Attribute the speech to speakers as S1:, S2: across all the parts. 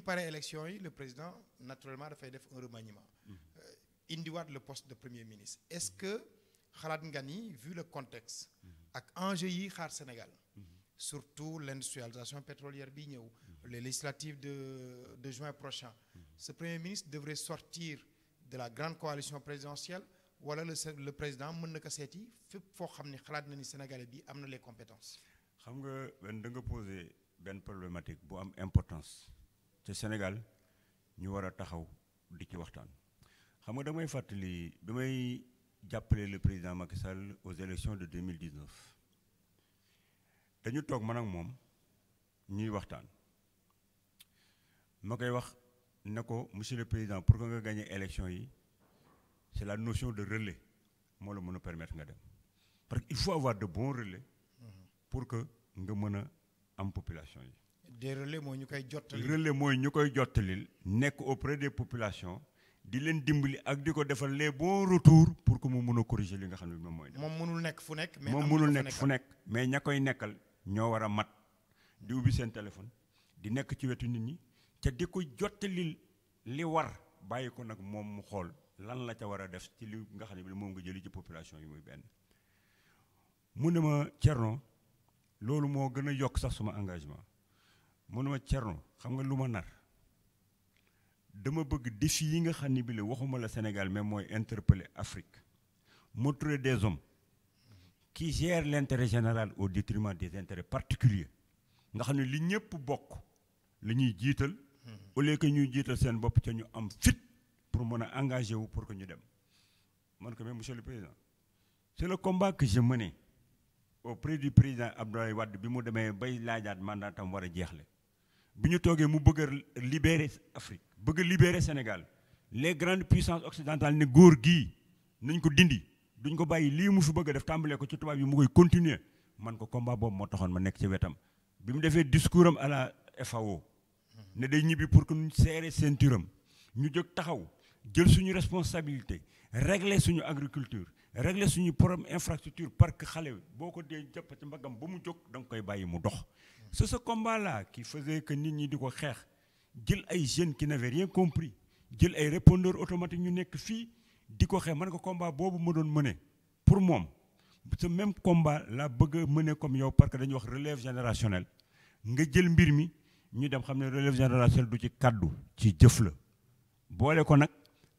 S1: par paree élection le président naturellement a def un remaniement euh, wat le poste de premier ministre est-ce que xalaat Ngani, vu le contexte ak enjeu yi Sénégal surtout l'industrialisation pétrolière bi les législatives de juin prochain ce premier ministre devrait sortir de la grande coalition présidentielle ou le le président mën na ko Sénégalais bi les compétences xam nga ben, da nga poser problématique bu am importance te Sénégal ñu war a taxaw di ci waxtaan. xam nga damay fàttali bi may le président Macky Sall aux élections de 2019 dañu toog man ak moom ñuy waxtaan ma koy wax ne monsieur le président pour que nga gagné élection yi c'est la notion de relais moo la mën permettre nga dem parce que il faut avoir de bons relais pour que nga mën a am population des relais mooy ñu koy jottali. relais mooy ñu koy jottalil. nekk auprès des populations. di leen dimbali ak di ko defal les bons retours pour que mu mun a corriger li nga xam ne moom mooy. moom mënul nekk fu nekk. moom mënul nekk fu nekk mais ña koy nekkal ñoo war a mat di ubbi seen téléphone di nekk ci wetu nit ñi te di ko jottalil li war bàyyi ko nag moom mu xool lan la ca war a def ci li nga xam ne moom nga jëli ci population yi muy benn mu ne ma Thierno loolu moo gën a yokk sax suma engagement. ma cerno xam nga lu ma nar dama bëgg défi yi nga xam ne bi la waxuma la Sénégal mais mooy interpeller Afrique mu des hommes qui gèrent l'intérêt général au détriment des intérêts particuliers nga xam ne li ñëpp bokk li ñuy jiital au lieu que ñuy jiital seen bopp te ñu am fit pour mën a wu pour que ñu dem man ko mais monsieur le président c'est le combat que j'ai mené auprès du président Abdoulaye Wade bi mu demee bay laajaat mandatam war a jeexle bu ñu toogee mu bëgg a libérer Afrique bëgg a libérer Sénégal les grandes puissances occidentales ne góor gii nañ ko dindi duñ ko bàyyi lii mu fi bëgg def tàmbalee ko ci tubaab yi mu koy continuer man ko combat boobu moo taxoon ma nekk ci wetam bi mu defee discours am à la FAO ne day ñibbi pour que ñu serrer ceinture am ñu jóg taxaw jël suñu responsabilité régler suñu agriculture régler suñu problème infrastructure parc xale boo ko dee jàpp ci mbaggam ba mu jóg da nga koy bàyyi mu dox c'est ce combat là qui faisait que nit ñi di ko xeex jël ay jeunes qui n'avait rien compris jël ay répondeur automatique ñu nekk fii di ko xeex man ko combat boobu ma doon mëne pour moom ce même combat la bëgg a mëne comme yow parce que dañuy wax relève générationnelle nga jël mbir mi ñu dem xam ne relève générationnelle du ci kaddu ci jëf la boole ko nag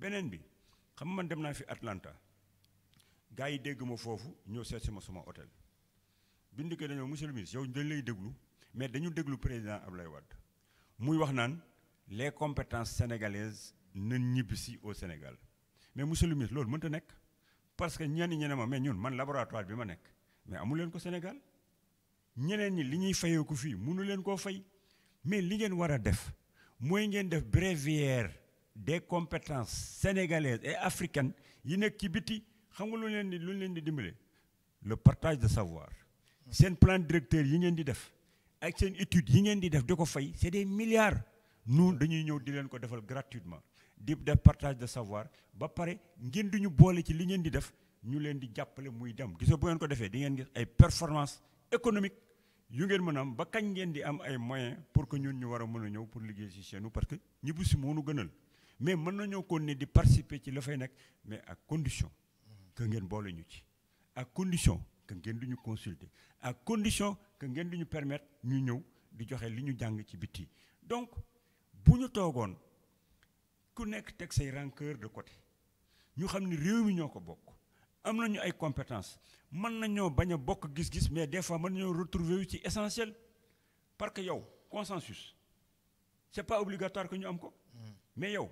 S1: beneen bi xam man dem naa fi Atlanta gars yi dégg ma foofu ñëw seet si sama hôtel bi ñu dañoo monsieur le ministre yow dañ lay déglu mais dañu déglu président Ablaye Wade muy wax naan les compétences sénégalaises nañ ñibbisi au Sénégal mais monsieur le ministre loolu mënta nekk parce que ñenn ñi ne ma mais ñun man laboratoire bi ma nekk mais amu leen ko Sénégal ñeneen ñi li ñuy fayee ko fii mënu leen koo fay mais li ngeen war a def mooy ngeen def bréviaire des compétences sénégalaises et africaines yi nek ci biti xam nga lu leen di lu le partage de savoir sen plan directeur yi ngeen di def ak sen étude yi ngeen di def nous fay c'est des milliards nous dañuy ñëw di leen ko gratuitement di partage de savoir ba paré ngeen duñu nous ci li ngeen di def ñu leen di jappalé muy dem bu ngeen ko défé di gis performance économique yu ba di am ay moyens pour que ñun ñu war chez nous parce que nous moonu gënal mais mën nañu kon ne di participer ci la fay nak mais à condition que ngeen boole ñu ci à condition que ngeen du consulter à condition que ngeen du permettre ñu ñëw di joxe li ñu ci biti donc buñu togon ku nekk tek say rancœur de côté ñu xamni réew mi ñoko bok am nañu ay compétences mën nañu baña bok gis-gis mais des fois mën nañoo retrouver ci essentiel parce que yow consensus c'est pas obligatoire que ñu am ko mm. mais yow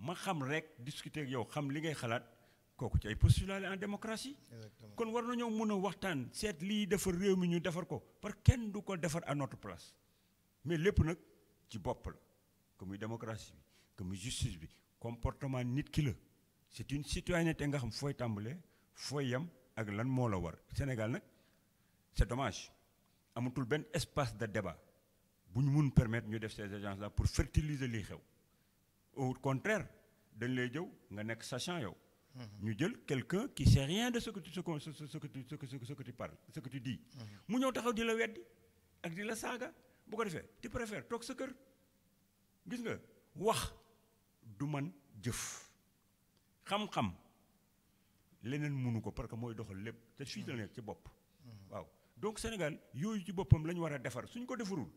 S1: ma xam rek discuter ak yow xam li ngay xalaat kooku ci ay postulat en démocratie kon war nañoo mën a waxtaan seet lii defar réew mi ñu defar ko par que kenn du ko defar à notre place mais lépp nag ci bopp la que muy démocratie bi que muy justice bi comportement nit ki la c'est une citoyenneté nga xam fooy tàmbalee fooy yam ak lan moo la war Sénégal nag c'est dommage amatul benn espace de débat bu ñu mun permettre ñu def ces agences là pour fertiliser li xew au contraire dañ lay jëw nga nekk sachant yow. ñu jël quelqu'un qui sait rien de ce que tu ce que ce que ce que ce que tu parles ce que tu dis. mu ñëw taxaw di la weddi ak di la saaga bu ko defee tu préfères toog sa kër gis nga wax du man jëf xam-xam leneen mënu ko parce que mooy doxal lépp te fii la nekk ci bopp.
S2: Mm-hmm.
S1: waaw donc Sénégal yooyu ci boppam lañ ñu war a defar suñ ko defarul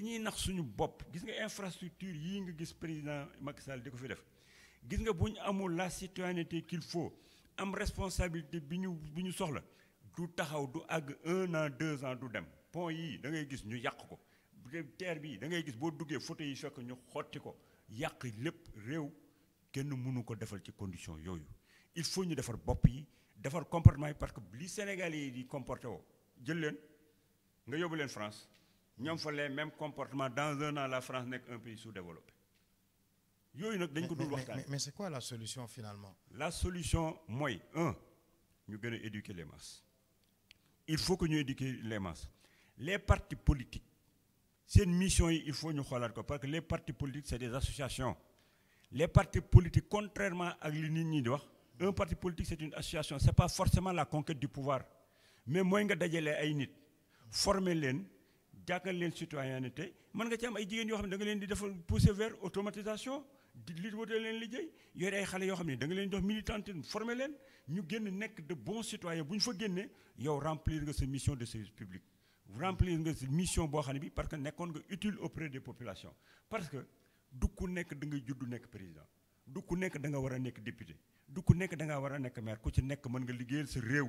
S1: dañuy nax suñu bopp gis infrastructure président Macky Sall fi la citoyenneté qu'il faut am responsabilité soxla du taxaw un an deux ans du dem pont da ngay gis ñu terre bi da ngay gis photo yi ñu ko kenn mënu ko defal ci condition il faut ñu defar parce que Sénégalais di comporté jël leen nga France ñom fa les même comportement dans un an la France n'est qu'un pays sous-développé mais c'est quoi la solution finalement la solution moi, un ñu devons éduquer les masses il faut que nous éduquions les masses les partis politiques c'est une mission il faut ñu nous ko parce que les partis politiques c'est des associations les partis politiques contrairement à li nit ñi di un parti politique c'est une association c'est pas forcément la conquête du pouvoir mais moy nga dajalee ay nit former leen jàngal leen citoyenneté mën nga ci am ay jigéen yoo xam ne da nga leen di defal pousser vers automatisation di li wutee leen liggéey yore ay xale yoo xam ne da nga leen dox militantisme former leen ñu génn nekk de bons citoyens bu ñu fa génnee yow remplir nga sa mission de service public remplir nga sa mission boo xam ne bi parce que nekkoon nga utile auprès des populations parce que du ku nekk da nga juddu nekk président du ku nekk da nga war a nekk député du ku nekk da nga war a nekk maire ku ci nekk mën nga liggéeyal sa réew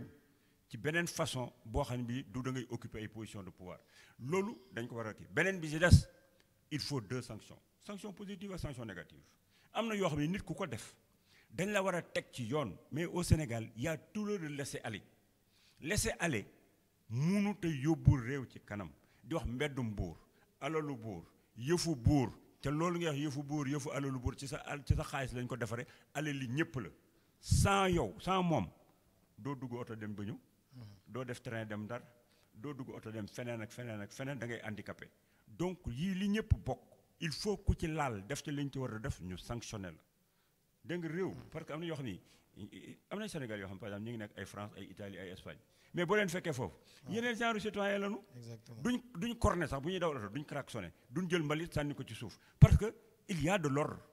S1: ci beneen façon boo xam bi du da ngay occuper ay position de pouvoir loolu dañ ko war a kii beneen bi ci des il faut deux sanctions sanction positive ak sanction négative am na yoo xam ne nit ku ko def dañ la war a teg ci yoon mais au Sénégal y a toujours le laisser aller laisser aller munute yóbbu réew ci kanam di wax mbeddum buur alalu buur yëfu buur te loolu nga wax yëfu buur yëfu alalu buur ci sa al ci sa xaalis lañ ko defaree alal li ñëpp la sans yow sans moom doo dugg oto dem ba ñëw doo def train dem dar doo dugg oto dem feneen ak ak donc il faut ku ci laal def ci liñ ci a def ñu sanctionné la dégg nga parce que am na yoo xam ni am na Sénégal xam par exemple ñu ngi ay France ay Italie ay Espagne mais boo leen fekkee ah. yeneen genre citoyen duñ duñ sax duñ duñ jël mbalit parce il y a de